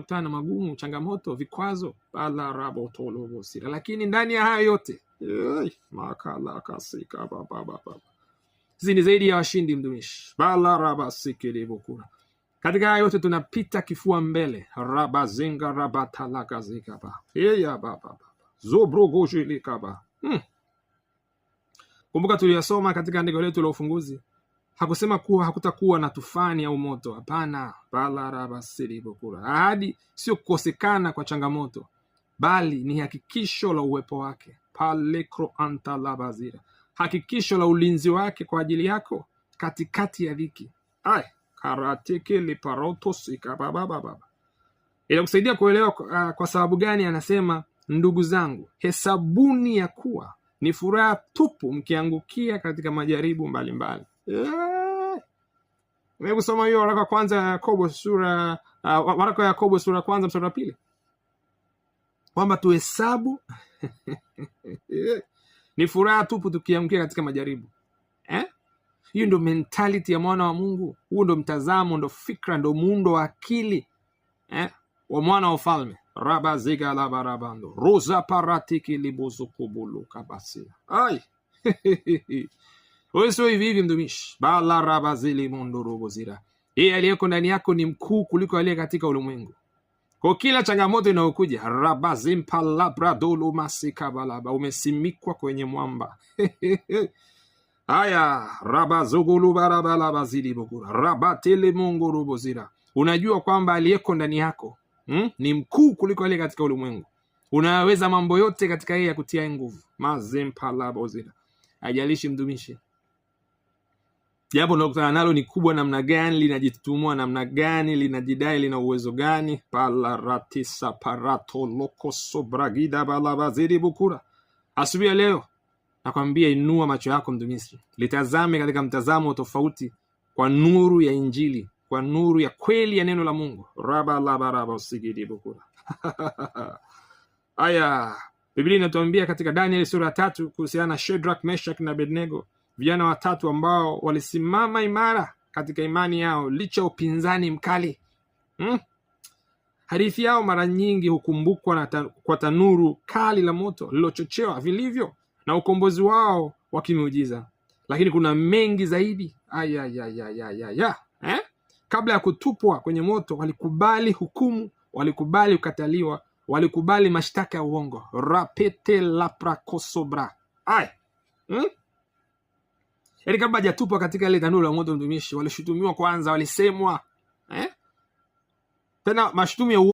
kutana na magumu, changamoto, vikwazo bala rabo palarabotolobosira. Lakini ndani ya hayo yote makala kasika baba sisi ni zaidi ya washindi, mdumishi bala raba sikili balarabasikilivokura. Katika haya yote tunapita kifua mbele raba raba zinga talaka zika ba rabazinga rabatalakazikaba eyabababa zobrogoshilikaba. Hmm. Kumbuka tuliyasoma katika andiko letu la ufunguzi hakusema kuwa hakutakuwa na tufani au moto. Hapana, balarabasiribokura ahadi sio kukosekana kwa changamoto, bali ni hakikisho la uwepo wake palekroantalabazira, hakikisho la ulinzi wake kwa ajili yako katikati ya dhiki karatekeleparotosikababbaba inakusaidia kuelewa kwa, uh, kwa sababu gani anasema ndugu zangu, hesabuni ya kuwa ni furaha tupu mkiangukia katika majaribu mbalimbali mbali yeah. kusoma hiyo waraka wa kwanza ya yakobo sura uh, waraka wa yakobo sura ya kwanza mstari wa pili kwamba tuhesabu ni furaha tupu tukiangukia katika majaribu eh? hiyo ndo mentality ya mwana wa mungu huo ndo mtazamo ndo fikra ndo muundo wa akili eh? wa mwana wa ufalme rabazigalabarabando ruzaparatiki libuzukubulukabasi ai wewe sio hivi hivi, mtumishi balarabazili mondorobozira, yeye aliyeko ndani yako ni mkuu kuliko aliye katika ulimwengu. Kwa kila changamoto inayokuja rabazimpalabradolomasikabalaba, umesimikwa kwenye mwamba haya rabazugulubarabalabazilibogura rabatelemongorobozira, unajua kwamba aliyeko ndani yako hmm, ni mkuu kuliko aliye katika ulimwengu. Unaweza mambo yote katika yeye ya kutia nguvu. Mazimpalabozira, ajalishi mdumishi jambo linalokutana nalo ni kubwa namna gani, linajitumua namna gani, linajidai lina uwezo gani? palaratisa parato lokoso bragida balabaziri bukura. Asubuhi ya leo nakwambia, inua macho yako mtumisi litazame katika mtazamo tofauti, kwa nuru ya Injili, kwa nuru ya kweli ya neno la Mungu. rabalabaraba usigidi bukura haya Biblia inatuambia katika Danieli sura ya tatu kuhusiana na shedrak meshak na bednego vijana watatu ambao walisimama imara katika imani yao licha upinzani mkali hmm? Hadithi yao mara nyingi hukumbukwa ta, kwa tanuru kali la moto lililochochewa vilivyo na ukombozi wao wa lakini kuna mengi zaidi. Aya, Eh? Kabla ya kutupwa kwenye moto walikubali hukumu, walikubali kukataliwa, walikubali mashtaka ya uongo rapete laprakosobra ay hmm? yaani kabla hajatupwa katika ile tanuru la moto mtumishi, walishutumiwa kwanza, walisemwa eh? tena mashutumu ya